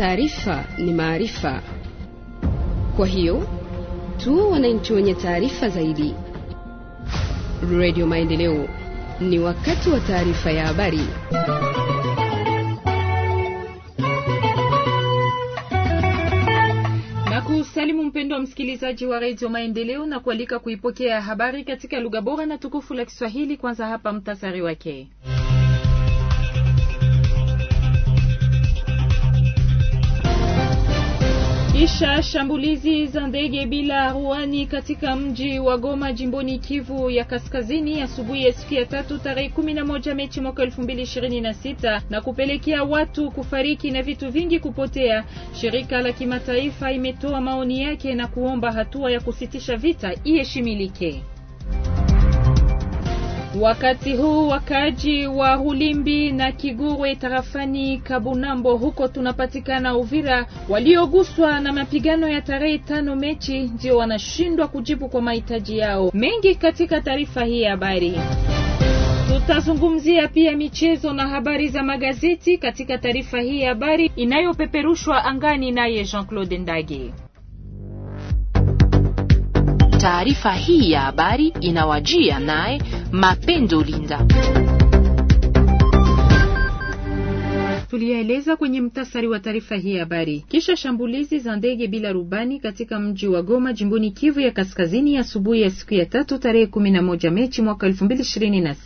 Taarifa ni maarifa, kwa hiyo tu wananchi wenye taarifa zaidi. Radio Maendeleo, ni wakati wa taarifa ya habari. Salimu mpendo wa msikilizaji wa redio Maendeleo na kualika kuipokea habari katika lugha bora na tukufu la Kiswahili. Kwanza hapa mtasari wake Kisha shambulizi za ndege bila ruani katika mji wa Goma jimboni Kivu ya Kaskazini asubuhi ya siku ya tatu tarehe 11 Machi mwaka 2026 na kupelekea watu kufariki na vitu vingi kupotea, shirika la kimataifa imetoa maoni yake na kuomba hatua ya kusitisha vita iheshimilike. Wakati huu wakaaji wa Hulimbi na Kigurwe tarafani Kabunambo huko tunapatikana Uvira, walioguswa na mapigano ya tarehe tano Mechi ndio wanashindwa kujibu kwa mahitaji yao mengi. Katika taarifa hii ya habari tutazungumzia pia michezo na habari za magazeti katika taarifa hii ya habari inayopeperushwa angani naye Jean-Claude Ndage. Taarifa hii ya habari inawajia naye Mapendo Linda. tuliyaeleza kwenye mtasari wa taarifa hii habari. Kisha shambulizi za ndege bila rubani katika mji wa Goma jimboni Kivu ya Kaskazini asubuhi ya, ya siku ya tatu tarehe 11 mechi mwaka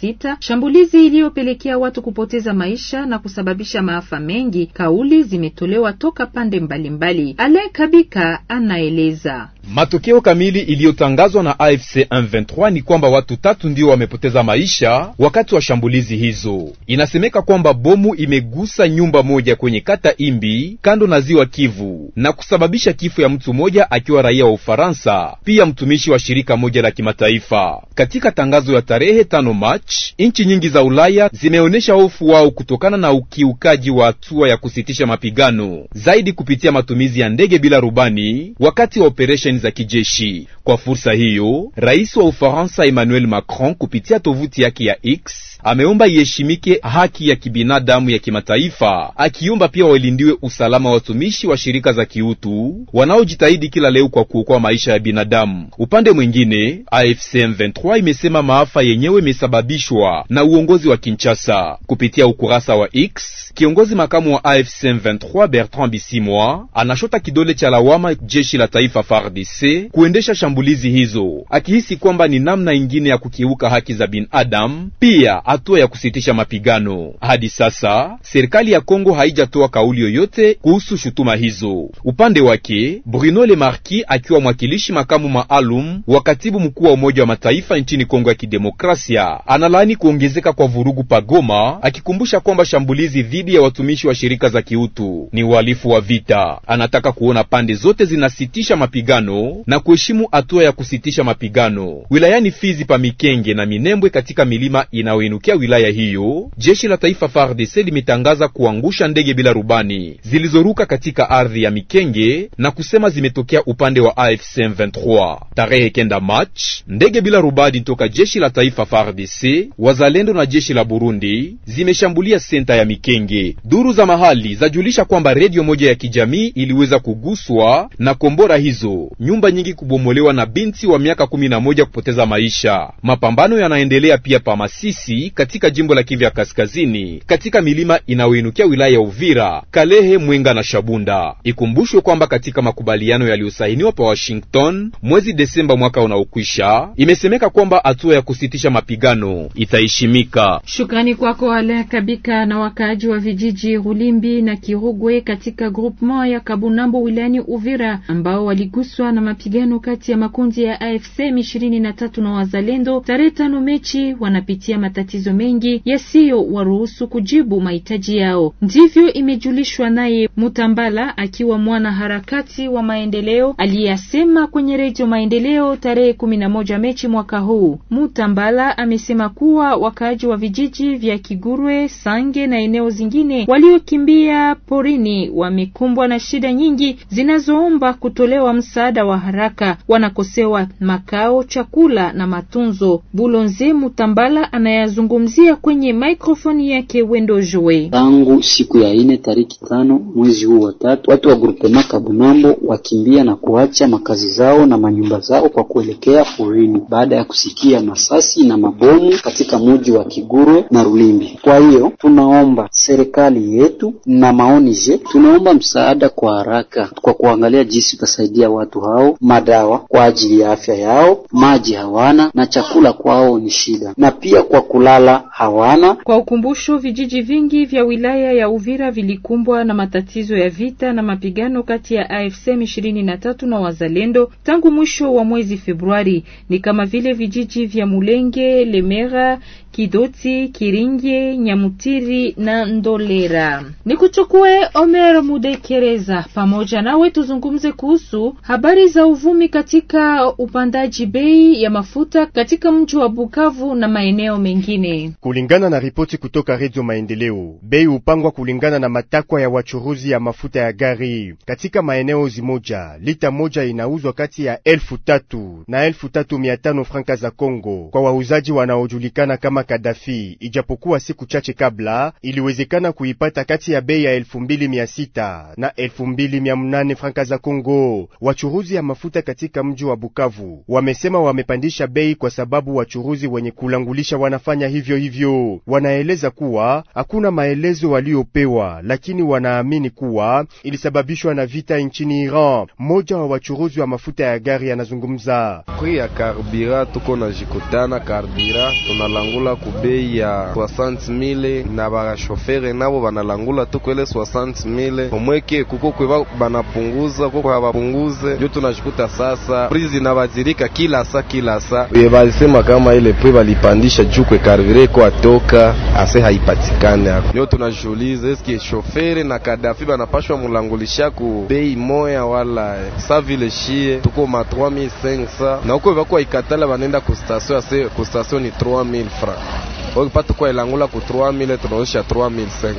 sita, shambulizi iliyopelekea watu kupoteza maisha na kusababisha maafa mengi. Kauli zimetolewa toka pande mbalimbali. Ale Kabika anaeleza matokeo kamili iliyotangazwa na AFC M23 ni kwamba watu tatu ndio wamepoteza maisha wakati wa shambulizi hizo. Inasemeka kwamba bomu imegusa nyumba moja kwenye kata Imbi kando na ziwa Kivu na kusababisha kifo ya mtu mmoja akiwa raia wa Ufaransa, pia mtumishi wa shirika moja la kimataifa. Katika tangazo ya tarehe tano Machi, nchi nyingi za Ulaya zimeonyesha hofu wao kutokana na ukiukaji wa hatua ya kusitisha mapigano zaidi kupitia matumizi ya ndege bila rubani wakati wa operesheni za kijeshi. Kwa fursa hiyo, rais wa Ufaransa Emmanuel Macron kupitia tovuti yake ya X ameomba iheshimike haki ya kibinadamu ya kimataifa taifa, akiomba pia walindiwe usalama watumishi wa shirika za kiutu wanaojitahidi kila leo kwa kuokoa maisha ya binadamu. Upande mwingine, AFC M23 imesema maafa yenyewe imesababishwa na uongozi wa Kinshasa. Kupitia ukurasa wa X, kiongozi makamu wa AFC M23 Bertrand Bisimwa anashota kidole cha lawama jeshi la taifa FARDC kuendesha shambulizi hizo, akihisi kwamba ni namna ingine ya kukiuka haki za binadamu, pia hatua ya kusitisha mapigano. Hadi sasa serikali ya Kongo haijatoa kauli yoyote kuhusu shutuma hizo. Upande wake, Bruno Le Marquis akiwa mwakilishi makamu maalum wa katibu mkuu wa Umoja wa Mataifa nchini Kongo ya Kidemokrasia analaani kuongezeka kwa vurugu pa Goma, akikumbusha kwamba shambulizi dhidi ya watumishi wa shirika za kiutu ni uhalifu wa vita. Anataka kuona pande zote zinasitisha mapigano na kuheshimu hatua ya kusitisha mapigano. Wilayani Fizi pa Mikenge na Minembwe katika milima inayoinukia wilaya hiyo, jeshi la taifa FARDC limetangaza ku kuangusha ndege bila rubani zilizoruka katika ardhi ya Mikenge na kusema zimetokea upande wa AFC M23. Tarehe kenda Machi, ndege bila rubani toka jeshi la taifa FARDC, wazalendo na jeshi la Burundi zimeshambulia senta ya Mikenge. Duru za mahali zajulisha kwamba redio moja ya kijamii iliweza kuguswa na kombora hizo, nyumba nyingi kubomolewa na binti wa miaka 11 kupoteza maisha. Mapambano yanaendelea pia pa Masisi katika jimbo la Kivu ya Kaskazini katika milima inayoinuka kuelekea wilaya ya Uvira, Kalehe, Mwenga na Shabunda. Ikumbushwe kwamba katika makubaliano yaliyosainiwa pa Washington mwezi Desemba mwaka unaokwisha, imesemeka kwamba hatua ya kusitisha mapigano itaishimika. Shukrani kwako Ale Kabika na wakaaji wa vijiji Rulimbi na Kirugwe katika groupement ya Kabunambo wilayani Uvira ambao waliguswa na mapigano kati ya makundi ya AFC M23 na Wazalendo tarehe tano Mechi, wanapitia matatizo mengi yasiyo waruhusu kujibu mahitaji yao. Ndivyo imejulishwa naye Mutambala akiwa mwana harakati wa maendeleo aliyasema kwenye Redio Maendeleo tarehe kumi na moja Mechi mwaka huu. Mutambala amesema kuwa wakaaji wa vijiji vya Kigurwe, Sange na eneo zingine waliokimbia porini wamekumbwa na shida nyingi zinazoomba kutolewa msaada wa haraka. Wanakosewa makao, chakula na matunzo. Bulonze Mutambala anayazungumzia kwenye mikrofoni yake Wendo Joe. Tangu siku ya ine tariki tano mwezi huu wa tatu, watu wa grupema kabunambo wakimbia na kuacha makazi zao na manyumba zao kwa kuelekea porini baada ya kusikia masasi na mabomu katika muji wa Kigurwe na Rulimbi. Kwa hiyo tunaomba serikali yetu na maoni je, tunaomba msaada kwa haraka kwa kuangalia jinsi utasaidia watu hao madawa kwa ajili ya afya yao, maji hawana na chakula kwao ni shida, na pia kwa kulala hawana. Kwa ukumbusho, vijiji vingi vya wilaya wilaya ya Uvira vilikumbwa na matatizo ya vita na mapigano kati ya AFC M23 na wazalendo tangu mwisho wa mwezi Februari, ni kama vile vijiji vya Mulenge, Lemera, Kidoti, Kiringe, Nyamutiri na Ndolera. Nikuchukue Omer Mudekereza pamoja nawe tuzungumze kuhusu habari za uvumi katika upandaji bei ya mafuta katika mji wa Bukavu na maeneo mengine. Kulingana na ripoti kutoka Radio Maendeleo, bei upa kupangwa kulingana na matakwa ya wachuruzi ya mafuta ya gari katika maeneo zimoja. Lita moja inauzwa kati ya elfu tatu na elfu tatu mia tano franka za Kongo kwa wauzaji wanaojulikana kama Kadafi, ijapokuwa siku chache kabla iliwezekana kuipata kati ya bei ya elfu mbili mia sita na elfu mbili mia mnane franka za Kongo. Wachuruzi ya mafuta katika mji wa Bukavu wamesema wamepandisha bei kwa sababu wachuruzi wenye kulangulisha wanafanya hivyo hivyo. Wanaeleza kuwa hakuna maelezo waliopewa, lakini wanaamini kuwa ilisababishwa na vita nchini Iran. Mmoja wa wachuruzi wa mafuta ya gari anazungumza pri ya karbira, tuko na jikutana karbira tunalangula kubei ya 60000 na barashofere nabo banalangula tukwele 60000 omweke kuko kwe banapunguza kuko habapunguze jo tunajikuta sasa prizi inabadilika kila sa kila saa. Balisema kama ile pri balipandisha jukwe karbira kwa atoka ase haipatikane ako tujiulize, eske shoferi na Kadafi banapashwa mulangulisha ku bei moya wala sa eh, vile shie tuko ma 3500 na uko bakwa ikatala banenda ku station ase ku station ni 3000 francs okipata kwa ilangula ku 3000 tunaosha 3500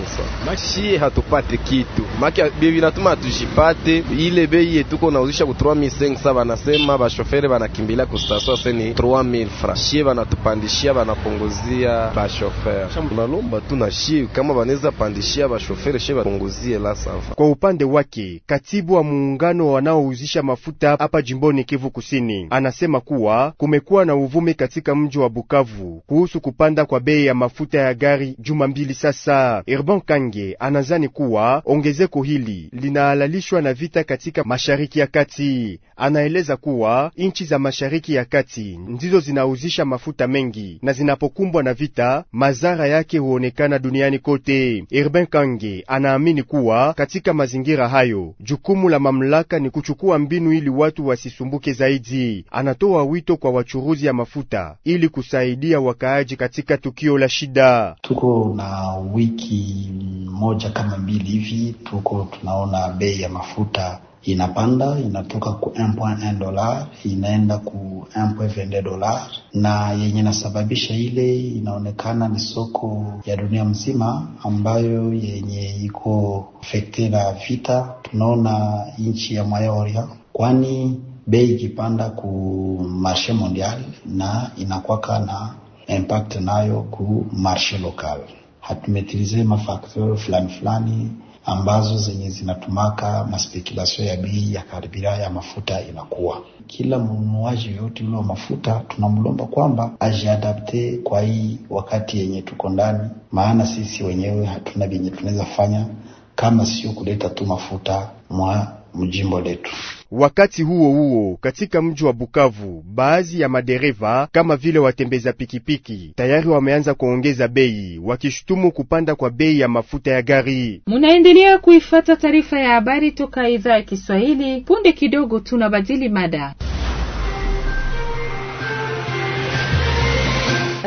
Maki hatupate kitu maki bibi natuma tujipate ile bei yetu tuko nauzisha ku 3500 banasema bashoferi banakimbilia ku station Ni 3000 francs shie banatupandishia banapunguzia bashofer tunalomba tu na shie kama banaweza pandishia bashofer shie bapunguzie la safa kwa upande wake katibu wa muungano wanaouzisha mafuta hapa jimboni Kivu Kusini anasema kuwa kumekuwa na uvumi katika mji wa Bukavu kuhusu kupanda kwa bei ya mafuta ya gari juma mbili sasa. Erban Kange anazani kuwa ongezeko hili linahalalishwa na vita katika Mashariki ya Kati. Anaeleza kuwa nchi za Mashariki ya Kati ndizo zinauzisha mafuta mengi na zinapokumbwa na vita, mazara yake huonekana duniani kote. Erben Kange anaamini kuwa katika mazingira hayo, jukumu la mamlaka ni kuchukua mbinu ili watu wasisumbuke zaidi. Anatoa wito kwa wachuruzi ya mafuta ili kusaidia wakaaji katika tukio la shida. Tuko na wiki moja kama mbili hivi, tuko tunaona bei ya mafuta inapanda inatoka ku 1.1 dola inaenda ku 1.2 dola, na yenye inasababisha ile inaonekana ni soko ya dunia mzima ambayo yenye iko fekte na vita. Tunaona nchi ya Mayoria, kwani bei ikipanda ku marshe mondial na inakwaka na impact nayo ku marshe local. Hatumetilize mafaktori fulani fulani ambazo zenye zinatumaka maspekulasio ya bei ya karibira ya mafuta inakuwa. Kila mnunuaji yoyote ule wa mafuta tunamlomba kwamba ajiadapte kwa hii wakati yenye tuko ndani, maana sisi wenyewe hatuna vyenye tunaweza fanya kama sio kuleta tu mafuta mwa mjimbo letu. Wakati huo huo, katika mji wa Bukavu, baadhi ya madereva kama vile watembeza pikipiki tayari wameanza kuongeza bei, wakishutumu kupanda kwa bei ya mafuta ya gari. Munaendelea kuifata taarifa ya habari toka idhaa ya Kiswahili. Punde kidogo tunabadili mada.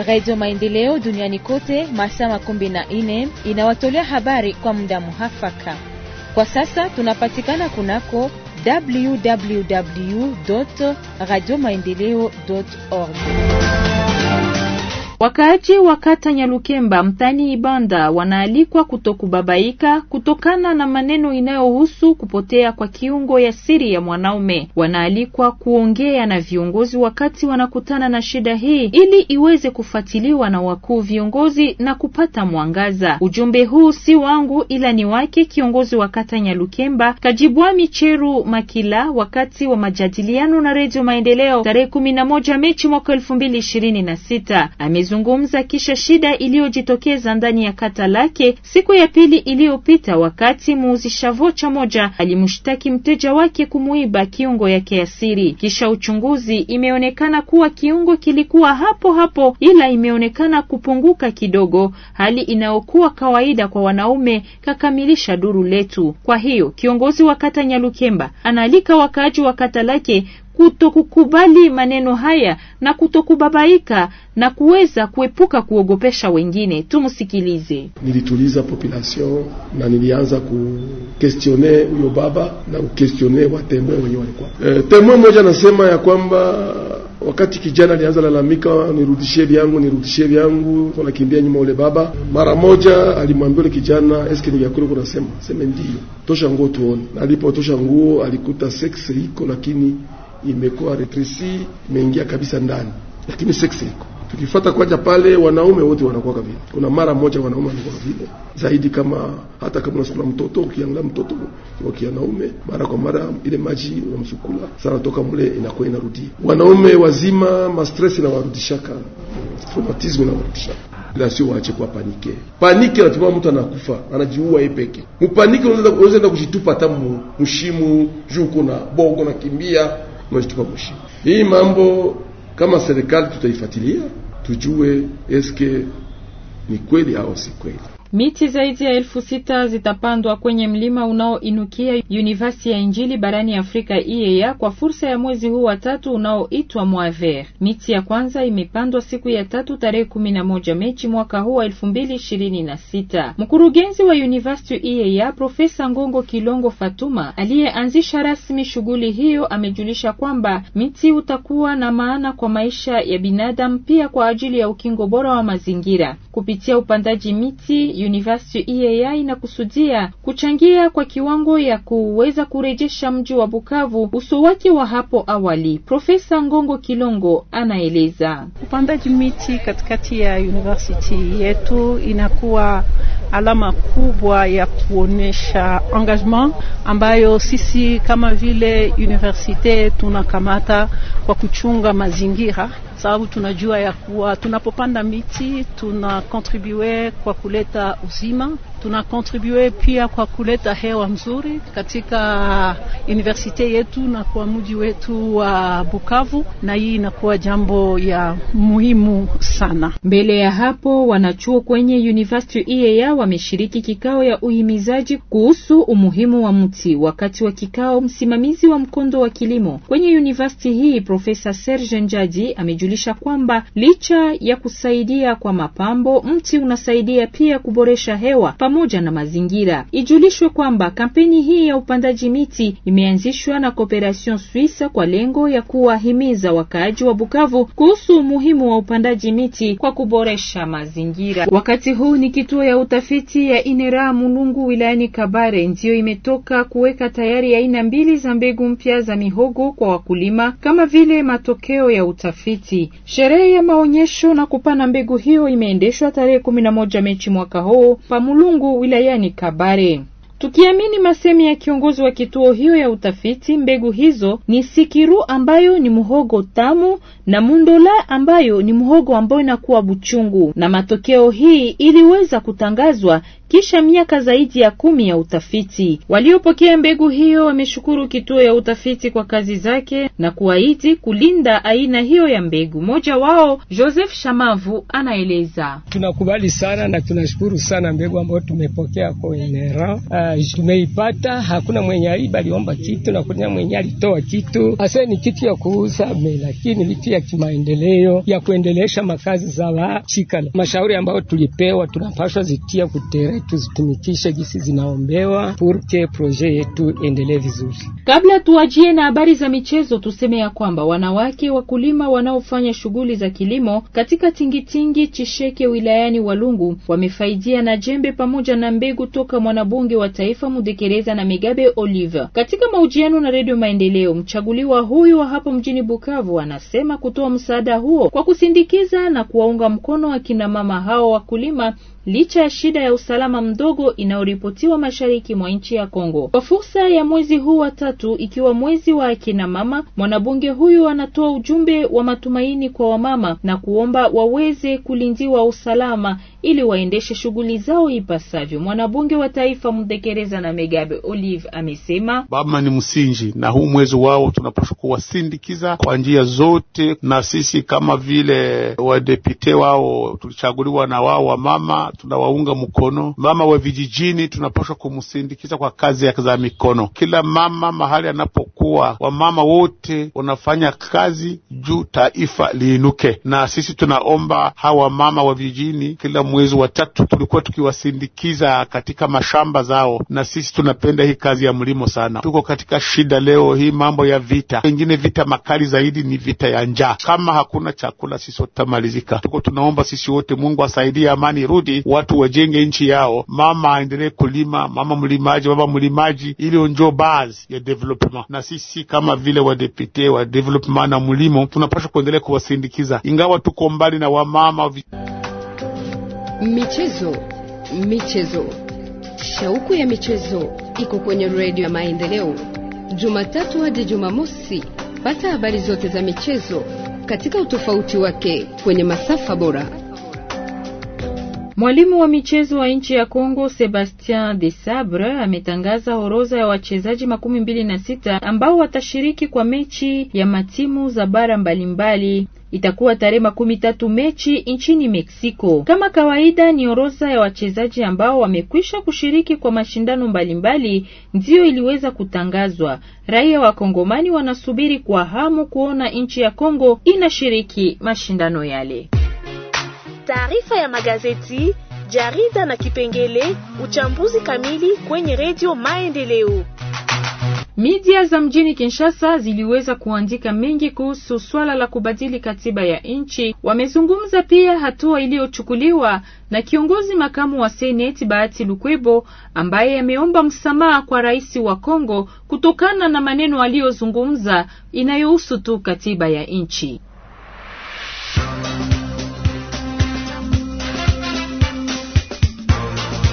Radio Maendeleo duniani kote masaa makumi na ine inawatolea habari kwa muda muhafaka. Kwa sasa tunapatikana kunako www radio maendeleo org. Wakaaji wa kata Nyalukemba mtani Ibanda wanaalikwa kutokubabaika kutokana na maneno inayohusu kupotea kwa kiungo ya siri ya mwanaume. Wanaalikwa kuongea na viongozi wakati wanakutana na shida hii, ili iweze kufuatiliwa na wakuu viongozi na kupata mwangaza. Ujumbe huu si wangu, ila ni wake kiongozi wa kata Nyalukemba Kajibwa Micheru Makila wakati wa majadiliano na Redio Maendeleo tarehe 11 Mechi mwaka 2026 amezungumza kisha shida iliyojitokeza ndani ya kata lake siku ya pili iliyopita, wakati muuzisha vocha moja alimshtaki mteja wake kumuiba kiungo yake asiri. Kisha uchunguzi, imeonekana kuwa kiungo kilikuwa hapo hapo, ila imeonekana kupunguka kidogo, hali inayokuwa kawaida kwa wanaume, kakamilisha duru letu. Kwa hiyo kiongozi wa kata Nyalukemba anaalika wakaaji wa kata lake kutokukubali maneno haya na kutokubabaika na kuweza kuepuka kuogopesha wengine. Tumsikilize. Nilituliza population na nilianza kukestione huyo baba na kukestione watemwe wenye walikuwa e, eh, temwe moja anasema ya kwamba wakati kijana alianza lalamika, nirudishie vyangu, nirudishie vyangu, nakimbia nyuma ule baba. Mara moja alimwambia ule kijana, eske ni kunasema seme, ndio tosha nguo tuone. Alipotosha nguo alikuta seksi iko, lakini imekuwa retresi, imeingia kabisa ndani, lakini seksi iko tukifata kwanja pale, wanaume wote wanakuwa vile. Kuna mara moja wanaume wanakuwa vile zaidi, kama hata kama unasukula mtoto, ukiangalia mtoto wa kianaume, mara kwa mara ile maji unamsukula sana toka mule inakuwa inarudia. Wanaume wazima, mastress inawarudishaka, traumatism inawarudishaka, ila sio waache kuwa panike. Panike natuma mtu anakufa, anajiua yeye peke. Mupanike unaweza unaweza kujitupa hata mshimu juu, kuna bogo nakimbia mnajitukagushi hii mambo. Kama serikali tutaifuatilia tujue eske ni kweli au si kweli. Miti zaidi ya elfu sita zitapandwa kwenye mlima unaoinukia Univasi ya Injili barani Afrika iea kwa fursa ya mwezi huu wa tatu unaoitwa mwaver Miti ya kwanza imepandwa siku ya tatu tarehe kumi na moja Mechi mwaka huu wa elfu mbili ishirini na sita. Mkurugenzi wa Univasi iea Profesa Ngongo Kilongo Fatuma aliyeanzisha rasmi shughuli hiyo amejulisha kwamba miti utakuwa na maana kwa maisha ya binadamu, pia kwa ajili ya ukingo bora wa mazingira kupitia upandaji miti University IAI e inakusudia kuchangia kwa kiwango ya kuweza kurejesha mji wa Bukavu uso wake wa hapo awali. Profesa Ngongo Kilongo anaeleza. Upandaji miti katikati ya university yetu inakuwa alama kubwa ya kuonesha engagement ambayo sisi kama vile universite tunakamata kwa kuchunga mazingira sababu tunajua ya kuwa tunapopanda miti tuna kontribue kwa kuleta uzima tunakontribue pia kwa kuleta hewa mzuri katika universite yetu na kwa mji wetu wa Bukavu, na hii inakuwa jambo ya muhimu sana. Mbele ya hapo, wanachuo kwenye University IEA wameshiriki kikao ya uhimizaji kuhusu umuhimu wa mti. Wakati wa kikao, msimamizi wa mkondo wa kilimo kwenye university hii Profesa Serge Njaji amejulisha kwamba licha ya kusaidia kwa mapambo, mti unasaidia pia kuboresha hewa pa pamoja na mazingira. Ijulishwe kwamba kampeni hii ya upandaji miti imeanzishwa na Cooperation Suisse kwa lengo ya kuwahimiza wakaaji wa Bukavu kuhusu umuhimu wa upandaji miti kwa kuboresha mazingira. Wakati huu ni kituo ya utafiti ya Inera Mulungu wilayani Kabare ndiyo imetoka kuweka tayari aina mbili za mbegu mpya za mihogo kwa wakulima kama vile matokeo ya utafiti. Sherehe ya maonyesho na kupana mbegu hiyo imeendeshwa tarehe kumi na moja Mechi mwaka huu Mulungu Mungu wilayani Kabare. Tukiamini masemi ya kiongozi wa kituo hiyo ya utafiti, mbegu hizo ni sikiru ambayo ni muhogo tamu na mundola ambayo ni muhogo ambao inakuwa buchungu, na matokeo hii iliweza kutangazwa kisha miaka zaidi ya kumi ya utafiti. Waliopokea mbegu hiyo wameshukuru kituo ya utafiti kwa kazi zake na kuahidi kulinda aina hiyo ya mbegu. Mmoja wao Joseph Shamavu anaeleza: tunakubali sana na tunashukuru sana mbegu ambayo tumepokea koenera. Uh, ah, tumeipata, hakuna mwenye aiba aliomba kitu na kuna mwenye alitoa kitu hasa, ni kitu ya kuuza me, lakini vitu ya kimaendeleo ya kuendelesha makazi za wachikala. Mashauri ambayo tulipewa tunapaswa zitia kutere vizuri, tuzitumikishe gisi zinaombewa purke proje yetu endelee vizuri. Kabla tuajie na habari za michezo, tuseme ya kwamba wanawake wakulima wanaofanya shughuli za kilimo katika tingitingi Chisheke wilayani Walungu wamefaidia na jembe pamoja na mbegu toka mwanabunge wa taifa Mudekereza na Megabe Olive. Katika mahojiano na Redio Maendeleo, mchaguliwa huyu wa hapo mjini Bukavu anasema kutoa msaada huo kwa kusindikiza na kuwaunga mkono akina mama hao wakulima licha ya shida ya usalama mdogo inayoripotiwa mashariki mwa nchi ya Kongo. Kwa fursa ya mwezi huu wa tatu, ikiwa mwezi wa akina mama, mwanabunge huyu anatoa ujumbe wa matumaini kwa wamama na kuomba waweze kulindiwa usalama ili waendeshe shughuli zao ipasavyo. Mwanabunge wa taifa Mdekereza na Megabe Olive amesema bama ni msingi, na huu mwezi wao tunapaswa kuwasindikiza kwa njia zote, na sisi kama vile wadepite wao tulichaguliwa na wao wamama tunawaunga mkono. Mama wa vijijini tunapaswa kumsindikiza kwa kazi yake za mikono. Kila mama mahali anapokuwa, wamama wote wanafanya kazi juu taifa liinuke, na sisi tunaomba hawa mama wa vijijini, kila mwezi wa tatu tulikuwa tukiwasindikiza katika mashamba zao, na sisi tunapenda hii kazi ya mlimo sana. Tuko katika shida leo hii, mambo ya vita, pengine vita makali zaidi ni vita ya njaa. Kama hakuna chakula, sisi tutamalizika. Tuko tunaomba sisi wote, Mungu asaidie, amani irudi watu wajenge nchi yao, mama aendelee kulima, mama mlimaji, baba mlimaji, ili onjo base ya development. Na sisi kama vile wadepute wa development na mlimo tunapaswa kuendelea kuwasindikiza, ingawa tuko mbali na wamama. Michezo, michezo, shauku ya michezo iko kwenye redio ya maendeleo, Jumatatu hadi Jumamosi. Pata habari zote za michezo katika utofauti wake kwenye masafa bora. Mwalimu wa michezo wa nchi ya Kongo Sebastien de Sabre ametangaza orodha ya wachezaji makumi mbili na sita ambao watashiriki kwa mechi ya matimu za bara mbalimbali. Itakuwa tarehe makumi tatu mechi nchini Meksiko. Kama kawaida, ni orodha ya wachezaji ambao wamekwisha kushiriki kwa mashindano mbalimbali ndiyo iliweza kutangazwa. Raia wa Kongomani wanasubiri kwa hamu kuona nchi ya Kongo inashiriki mashindano yale taarifa ya magazeti, jarida na kipengele uchambuzi kamili kwenye redio Maendeleo. midia za mjini Kinshasa ziliweza kuandika mengi kuhusu swala la kubadili katiba ya nchi. Wamezungumza pia hatua iliyochukuliwa na kiongozi makamu wa Seneti Bahati Lukwebo ambaye ameomba msamaha kwa rais wa Kongo kutokana na maneno aliyozungumza inayohusu tu katiba ya nchi.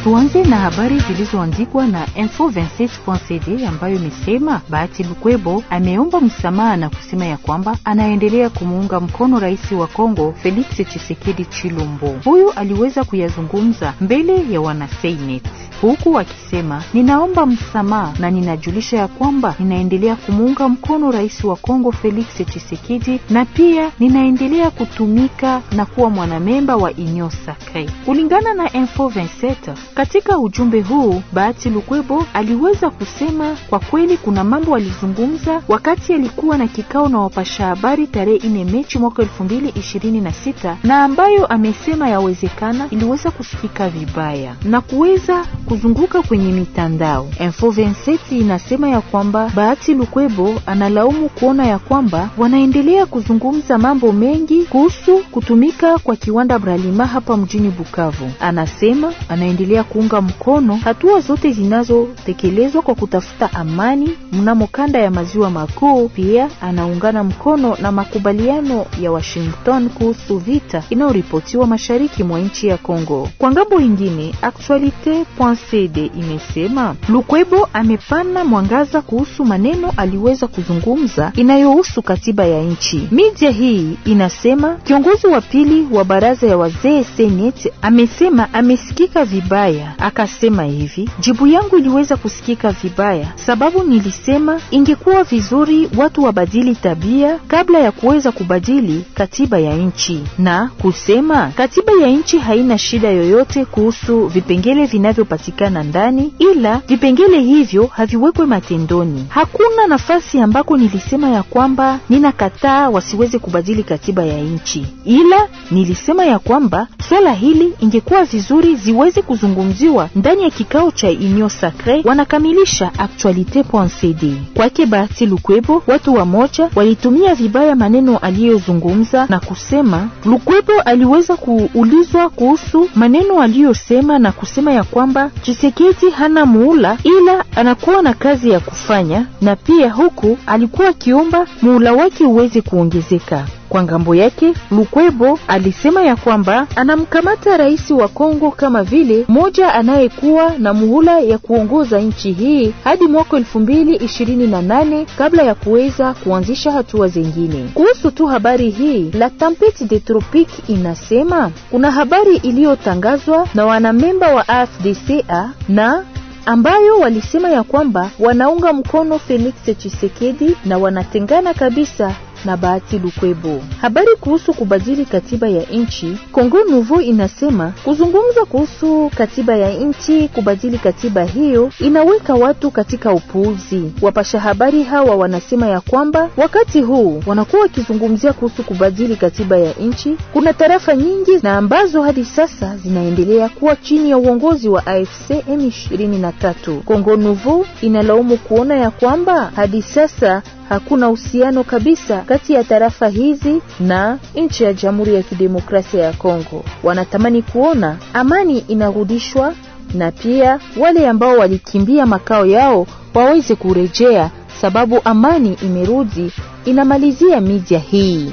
Tuanze na habari zilizoandikwa na info26.cd ambayo imesema Bahati Lukwebo ameomba msamaha na kusema ya kwamba anaendelea kumuunga mkono rais wa Kongo Felix Tshisekedi Chilombo. Huyu aliweza kuyazungumza mbele ya wanaseinet huku akisema ninaomba msamaha na ninajulisha ya kwamba ninaendelea kumuunga mkono rais wa Kongo Felix Tshisekedi na pia ninaendelea kutumika na kuwa mwanamemba wa Union Sacree kulingana na info 27 katika ujumbe huu Bahati Lukwebo aliweza kusema kwa kweli kuna mambo alizungumza wakati alikuwa na kikao na wapasha habari tarehe ine Mechi mwaka elfu mbili ishirini na sita na ambayo amesema yawezekana iliweza kusikika vibaya na kuweza kuzunguka kwenye mitandao. Info 27 inasema ya kwamba Bahati Lukwebo analaumu kuona ya kwamba wanaendelea kuzungumza mambo mengi kuhusu kutumika kwa kiwanda Bralima hapa mjini Bukavu. Anasema anaendelea kuunga mkono hatua zote zinazotekelezwa kwa kutafuta amani mnamo kanda ya maziwa makuu. Pia anaungana mkono na makubaliano ya Washington kuhusu vita inayoripotiwa mashariki mwa nchi ya Kongo. Kwa ngambo ingine, Actualite.cd imesema Lukwebo amepana mwangaza kuhusu maneno aliweza kuzungumza inayohusu katiba ya nchi. Media hii inasema kiongozi wa pili wa baraza ya wazee seneti amesema amesikika vibaya vibaya. Akasema hivi, jibu yangu iliweza kusikika vibaya, sababu nilisema ingekuwa vizuri watu wabadili tabia kabla ya kuweza kubadili katiba ya nchi, na kusema katiba ya nchi haina shida yoyote kuhusu vipengele vinavyopatikana ndani, ila vipengele hivyo haviwekwe matendoni. Hakuna nafasi ambako nilisema ya kwamba ninakataa wasiweze kubadili katiba ya nchi, ila nilisema ya kwamba swala hili ingekuwa vizuri ziweze kuzungumza kuzungumziwa ndani ya kikao cha Union Sacre wanakamilisha actualite.cd. Kwake Bahati Lukwebo, watu wa moja walitumia vibaya maneno aliyozungumza na kusema. Lukwebo aliweza kuulizwa kuhusu maneno aliyosema na kusema ya kwamba Chisekedi hana muula, ila anakuwa na kazi ya kufanya, na pia huku alikuwa akiomba muula wake uweze kuongezeka. Kwa ngambo yake, Lukwebo alisema ya kwamba anamkamata rais wa Kongo kama vile moja anayekuwa na muhula ya kuongoza nchi hii hadi mwaka elfu mbili ishirini na nane kabla ya kuweza kuanzisha hatua zengine Kuhusu tu habari hii, La Tempete de Tropique inasema kuna habari iliyotangazwa na wanamemba wa AFDCA na ambayo walisema ya kwamba wanaunga mkono Felix Tshisekedi na wanatengana kabisa na Bahati Lukwebo. Habari kuhusu kubadili katiba ya nchi, Kongo Nouveau inasema kuzungumza kuhusu katiba ya nchi, kubadili katiba hiyo inaweka watu katika upuuzi. Wapasha habari hawa wanasema ya kwamba wakati huu wanakuwa wakizungumzia kuhusu kubadili katiba ya nchi, kuna tarafa nyingi na ambazo hadi sasa zinaendelea kuwa chini ya uongozi wa AFC M23. Kongo Nouveau inalaumu kuona ya kwamba hadi sasa hakuna uhusiano kabisa kati ya tarafa hizi na nchi ya Jamhuri ya Kidemokrasia ya Kongo. Wanatamani kuona amani inarudishwa na pia wale ambao walikimbia makao yao waweze kurejea, sababu amani imerudi inamalizia media hii.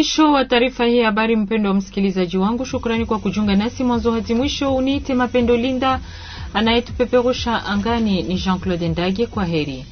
Mwisho wa taarifa hii habari, mpendo wa msikilizaji wangu, shukrani kwa kujiunga nasi mwanzo hadi mwisho. Uniite Mapendo Linda, anayetupeperusha angani ni Jean-Claude Ndage. Kwa heri.